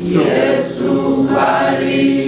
Yesu ali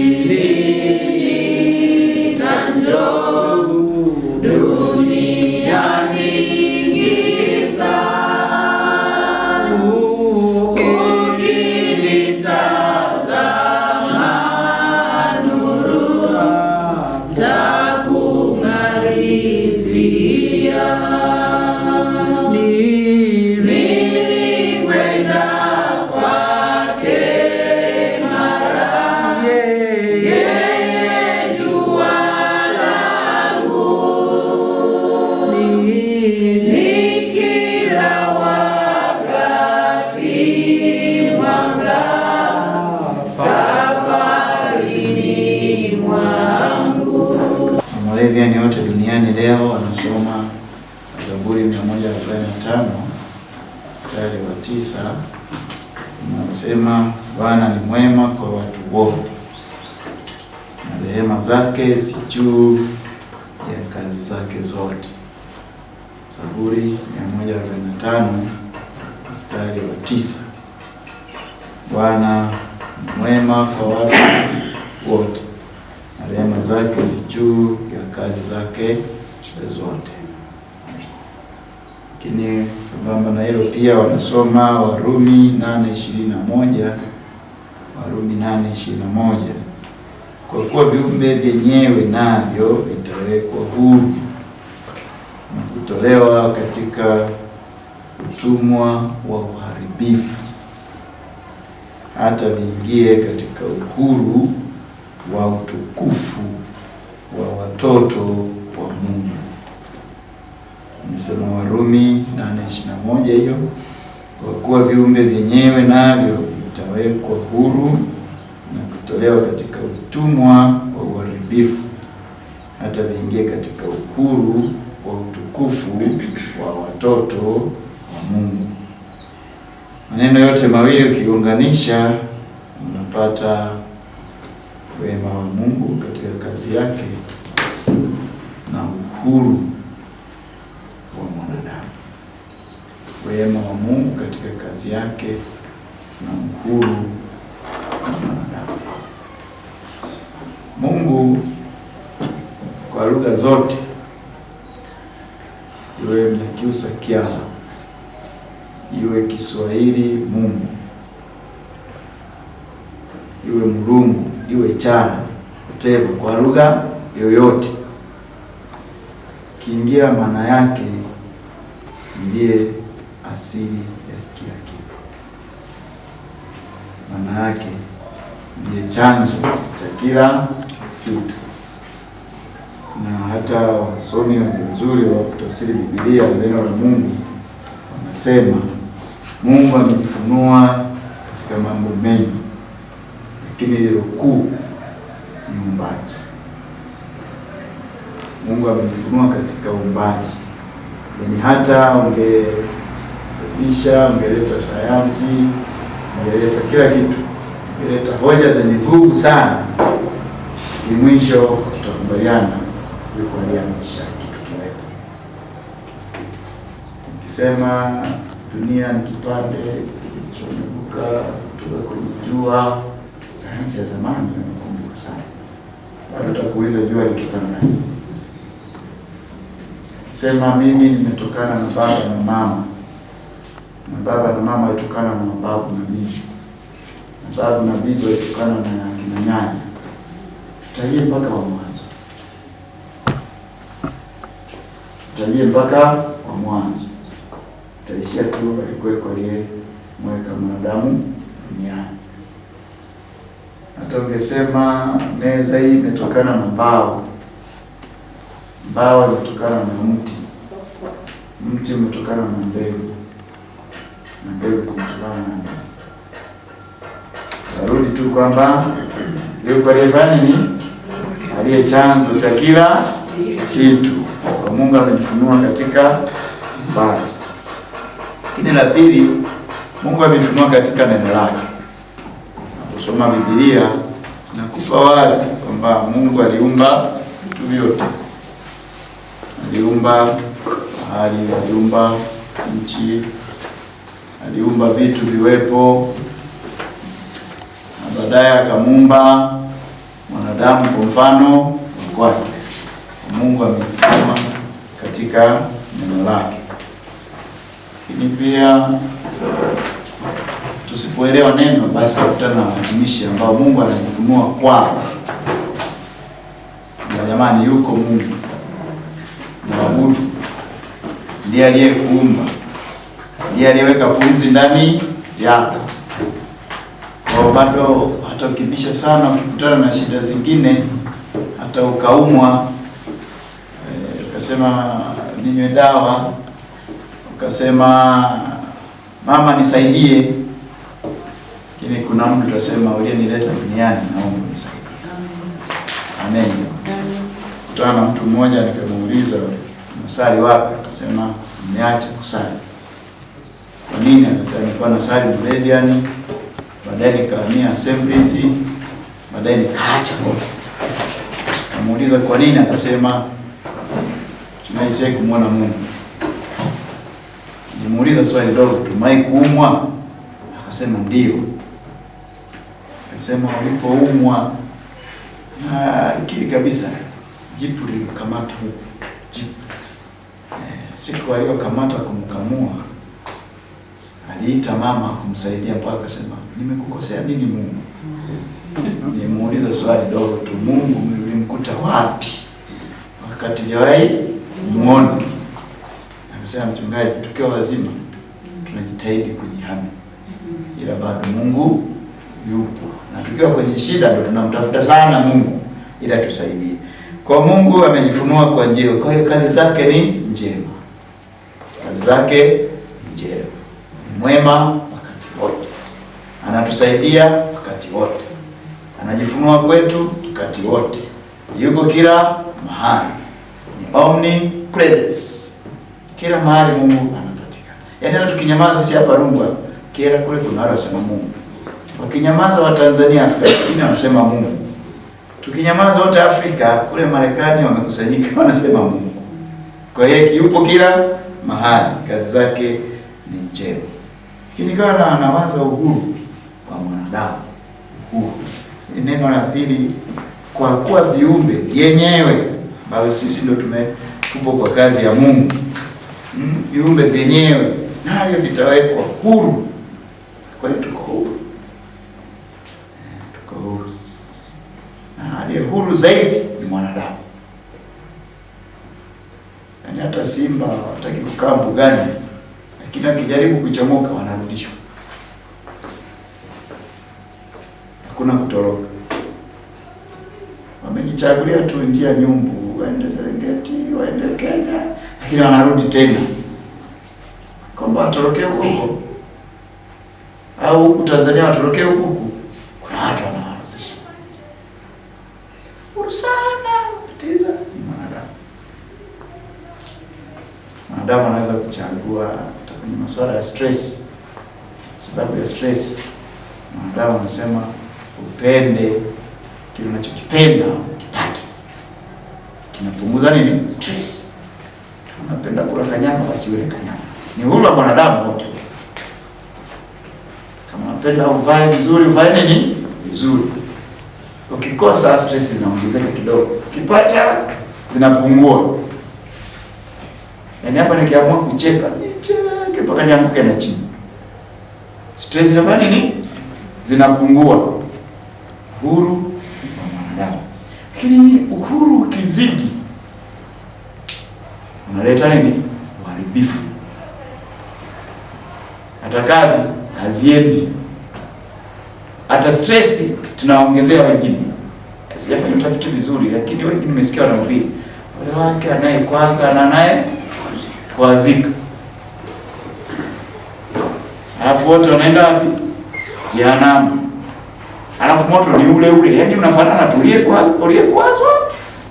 tisa inasema Bwana ni mwema kwa watu wote na rehema zake si juu ya kazi zake zote. Zaburi 145 mstari wa tisa. Bwana ni mwema kwa watu wote na rehema zake si juu ya kazi zake zote lakini sambamba na hilo pia wanasoma Warumi nane ishirini na moja Warumi nane ishirini na moja kwa kuwa viumbe vyenyewe navyo vitawekwa huru na kutolewa katika utumwa wa uharibifu hata viingie katika uhuru wa utukufu wa watoto wa Mungu amesema Warumi 8:21 hiyo, kwa kuwa viumbe vyenyewe navyo vitawekwa huru na kutolewa katika utumwa wa uharibifu hata viingie katika uhuru wa utukufu wa watoto wa Mungu. Maneno yote mawili ukiunganisha, unapata wema wa Mungu katika kazi yake na uhuru wema wa Mungu katika kazi yake na uhuru wa mwanadamu. Mungu kwa lugha zote iwe Mnyakyusa Kyala, iwe Kiswahili Mungu, iwe Mlungu, iwe Chana, Tebo, kwa lugha yoyote kiingia, maana yake ndiye asili ya kila kitu. Maana yake ndiye chanzo cha kila kitu, na hata wasomi wazuri wa kutafsiri Biblia, neno la Mungu, wanasema Mungu amejifunua katika mambo mengi, lakini hilo kuu ni uumbaji. Mungu amejifunua katika uumbaji, yaani hata unge mlifundisha, mmeleta sayansi, mmeleta kila kitu, mmeleta hoja zenye nguvu sana, ni mwisho tutakubaliana yuko alianzisha kitu kiwepo. Nikisema dunia ni kipande kilichomeguka kutoka kwenye jua, sayansi ya zamani inakumbuka sana, bado utakuuliza jua litokana na nini? Sema mimi nimetokana na baba na mama na baba na mama waitokana na mababu na bibi, na babu na bibi waitokana na kina nyanya. Tutajie mpaka wa mwanzo, tutajie mpaka wa mwanzo, tutaishia tu alikuweko aliyemweka mwanadamu duniani. Hata ungesema meza hii imetokana na mbao, mbao imetokana na mti, mti umetokana na mbegu na mbegu zinatokana na Tarudi tu kwamba Mungu aliyefanya ni aliye chanzo cha kila kitu, kwa Mungu amejifunua katika mbali. Lakini la pili, Mungu amejifunua katika neno lake. Kusoma Biblia nakupa wazi kwamba Mungu aliumba vitu vyote, aliumba bahari, aliumba nchi aliumba vitu viwepo, na baadaye akamuumba mwanadamu kwa mfano wake. Mungu amefuma katika neno lake, lakini pia tusipoelewa neno, basi tutakutana na watumishi ambao Mungu anajifunua kwao na jamani, yuko Mungu na wabudu, ndiye aliyekuumba ndiye aliyeweka pumzi ndani yako. Kwa bado hata ukibisha sana, ukikutana na shida zingine, hata ukaumwa eh, ukasema e, ninywe dawa, ukasema mama nisaidie, lakini kuna mtu utasema uliyenileta duniani naomba nisaidie. Amen. Kutana na mtu mmoja nikamuuliza, unasali wapi? Akasema nimeacha kusali kwa nini? Akasema nilikuwa sali Moravian, baadaye nikahamia Assemblies, baadaye nikaacha kote. Namuuliza kwa nini? Akasema tunaishia kumwona Mungu. Nimuuliza swali dogo, tumai kuumwa? Akasema ndio. Akasema ulipoumwa, ah, kili kabisa, jipu likamata huko jipu, eh, siku aliyokamata kumkamua aliita mama kumsaidia mpaka akasema, nimekukosea nini Mungu? Nimuuliza swali dogo tu, Mungu nilimkuta wapi wakati jawahi muone? Akasema, mchungaji, tukiwa wazima tunajitahidi kujihami, ila bado Mungu yupo, na tukiwa kwenye shida ndo tunamtafuta sana Mungu ila tusaidie. Kwa Mungu amejifunua kwa njia, kwa hiyo kazi zake ni njema, kazi zake mwema wakati wote, anatusaidia wakati wote, anajifunua kwetu wakati wote, yuko kila mahali, ni omnipresence. Kila mahali Mungu anapatikana. Yaani hata tukinyamaza sisi hapa Rungwa, kila kule kuna watu wasema Mungu. Wakinyamaza wa Tanzania Afrika Kusini wanasema Mungu. Tukinyamaza wote Afrika kule Marekani wamekusanyika wanasema Mungu. Kwa hiyo yupo kila mahali, kazi zake ni njema kinikawa anawaza uhuru wa mwanadamu huu. Neno la pili, kwa kuwa viumbe vyenyewe ambayo sisi ndio tume kwa kazi ya Mungu, hmm? viumbe vyenyewe navyo vitawekwa huru. Kwa hiyo tuko huru, eh, tuko huru, na aliye huru zaidi ni mwanadamu. Yaani hata simba hawataki kukaa mbugani, lakini akijaribu kuchomoka utarudishwa, hakuna kutoroka. Wamejichagulia tu njia nyumbu, waende Serengeti, waende Kenya, lakini wanarudi tena kwamba watorokee huko huko au huku Tanzania watorokee huku huku. Kuna watu wanawarudisha sana, ni mwanadamu. Mwanadamu anaweza kuchagua hata kwenye masuala ya stress sababu ya stress. Mwanadamu anasema upende kile unachokipenda ukipate, kinapunguza nini? Stress. Unapenda kula kanyama, basi ule kanyama. Ni uhuru wa mwanadamu wote. Kama unapenda uvae vizuri, uvae nini vizuri. Ukikosa, stress zinaongezeka kidogo, ukipata zinapungua. Yaani hapa nikiamua kucheka nicheke mpaka nianguke na chini stress nafanya nini, zinapungua uhuru wa mwanadamu. Lakini uhuru ukizidi unaleta nini? Uharibifu. Hata kazi haziendi, hata stress tunaongezea wengine. Sijafanya utafiti vizuri, lakini wengi nimesikia wanamwambia wale wake kwanza na naye kwazika Alafu wote wanaenda wapi? Jehanamu. Alafu moto ni ule ule. Yaani unafanana tu ile kwanza, ile kwanza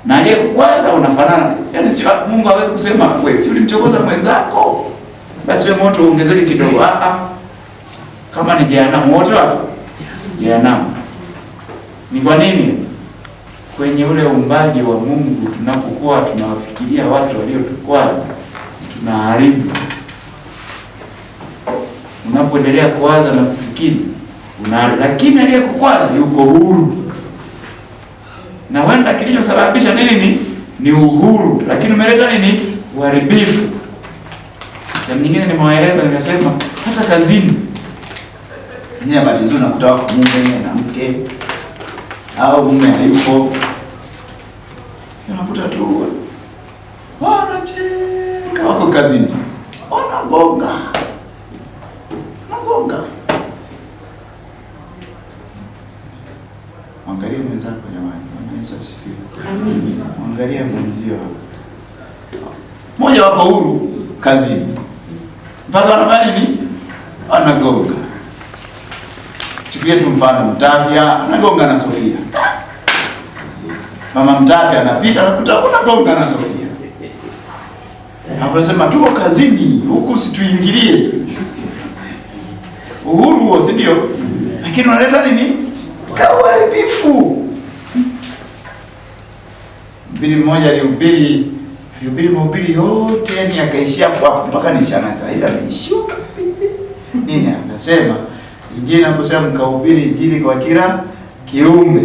na ile kwanza unafanana. Yaani si Mungu hawezi kusema wewe si ulimchokoza mwenzako. Basi wewe moto ongezeke kidogo. Ah ah. Kama ni jehanamu wote wapi? Jehanamu. Ni kwa nini? Kwenye ule umbaji wa Mungu tunapokuwa tunawafikiria watu waliotukwaza tunaharibu unapoendelea kuwaza na kufikiri unalo, lakini aliyekukwaza yuko huru, na wenda kilichosababisha nini ni ni uhuru, lakini umeleta nini uharibifu. Sehemu nyingine nimewaeleza, nimesema hata kazini nyingine, bahati nakuta wako mume na mke au mume hayupo, unakuta tu wanacheka, wako kazini wanagonga Yesu asifiwe. Angalia mwenzio hapo. Mmoja wako huru kazini. Mpaka anafanya nini? Anagonga. Chukulia tu mfano Mtafia anagonga na Sofia. Mama Mtafia anapita anakuta unagonga na Sofia. Hapo nasema tuko kazini, huku situingilie. Uhuru huo, si ndio? Lakini unaleta nini? Kauharibifu bili mmoja alihubiri alihubiri mahubiri yote ni akaishia kwa mpaka ni shana sasa hivi ameishia nini, akasema Injili inaposema mkahubiri Injili kwa kila kiumbe,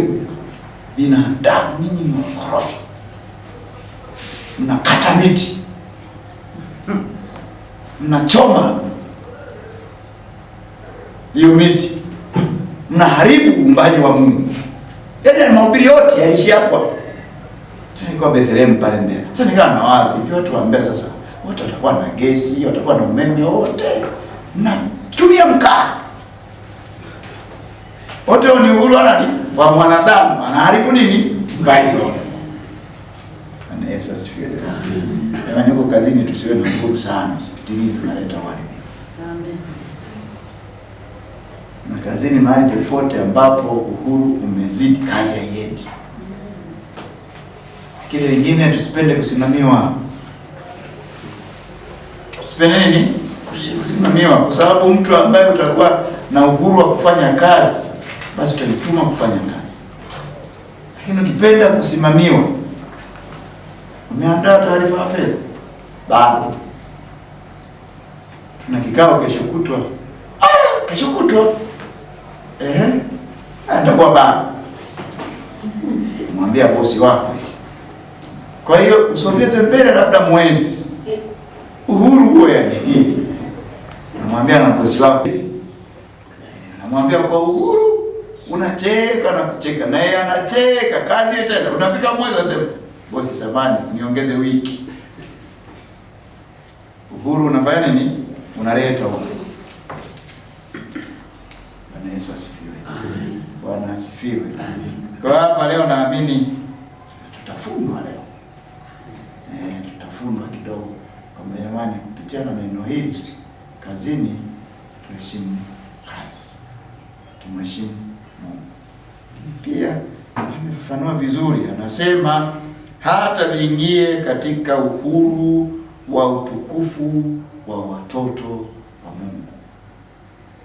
binadamu ninyi ni wakorofi, mnakata miti, mnachoma hiyo miti, mnaharibu umbaji wa Mungu. Yani mahubiri yote yaliishia hapo. Nilikuwa Bethlehem pale mbele. Sasa nikawa nawaza, hivi watu waambia sasa wote watakuwa na gesi, watakuwa na umeme wote. Na tumia mkaa. Wote ni uhuru ni Wa mwanadamu. Anaharibu nini? Mbaio. Na Yesu asifiwe. Amen. Jamani huko kazini tusiwe na uhuru sana, usipitilize unaleta uharibifu. Amen. Na kazini mahali popote ambapo uhuru umezidi kazi haiendi. Kile lingine tusipende kusimamiwa. Tusipende nini? Kusimamiwa, kwa sababu mtu ambaye utakuwa na uhuru wa kufanya kazi, basi utajituma kufanya kazi, lakini ukipenda kusimamiwa, umeandaa taarifa ya fedha bado na kikao kesho kutwa. Ah, kesho kutwa ehe, atakuwa bado mwambia bosi wako kwa hiyo usogeze mbele labda mwezi, uhuru huo yani hii, namwambia na mkosi wako, namwambia kwa uhuru, unacheka na kucheka na yeye anacheka, kazi tena. Unafika mwezi unasema bosi, samani niongeze wiki. Uhuru unafanya nini? Unaleta huko. Bwana Yesu asifiwe. Amen. Bwana asifiwe. Amen. Kwa hapa leo naamini tutafunwa leo tunafundwa kidogo kwamba jamani, kupitia na neno hili kazini tuheshimu kazi, tumheshimu Mungu. Pia amefafanua vizuri, anasema hata viingie katika uhuru wa utukufu wa watoto wa Mungu.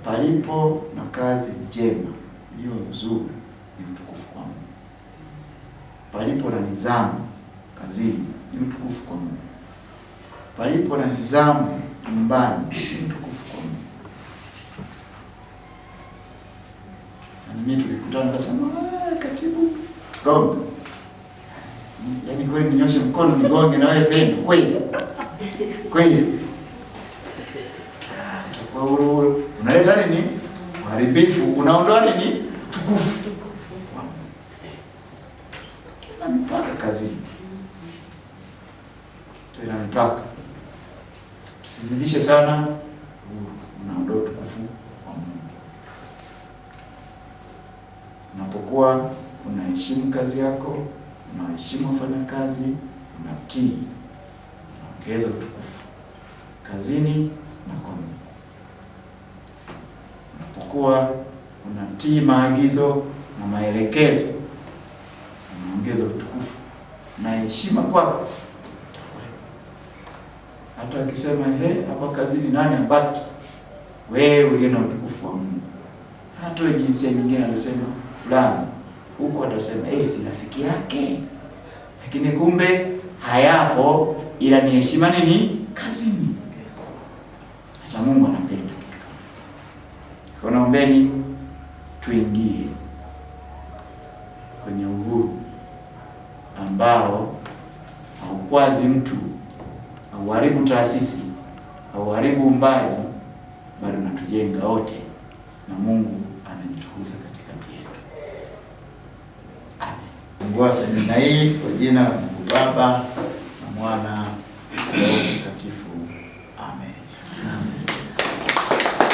Palipo na kazi njema iliyo nzuri ni utukufu kwa Mungu. Palipo na nidhamu kazini ni utukufu kwa Mungu, palipo na nizamu nyumbani ni utukufu kwa Mungu. Na mimi tulikutana kasema, ah, katibu gonga, yaani kweli ninyoshe mkono nigonge na wewe pendo, kweli kweli unaleta nini? Uharibifu unaondoa nini? Tukufu. mipaka. Tusizidishe sana, unaondoa utukufu wa Mungu. Unapokuwa unaheshimu kazi yako, unaheshimu wafanyakazi, unatii, unaongeza utukufu kazini na kwa Mungu. Unapokuwa unatii maagizo na maelekezo, unaongeza utukufu na heshima kwako. Hata akisema he, hapa kazini nani ambaki? Wewe uliye na utukufu wa Mungu. Hata wewe jinsia nyingine anasema fulani huko, atasema eh, si rafiki yake, lakini kumbe hayapo, ila ni heshima nini kazini. Hata Mungu anapenda kwa, naombeni tuingie kwenye uhuru ambao haukwazi mtu hauharibu taasisi, hauharibu umbali, bali unatujenga wote, na Mungu anajitukuza katikati yetu. Amen. Fungua semina hii kwa jina la Mungu Baba na Mwana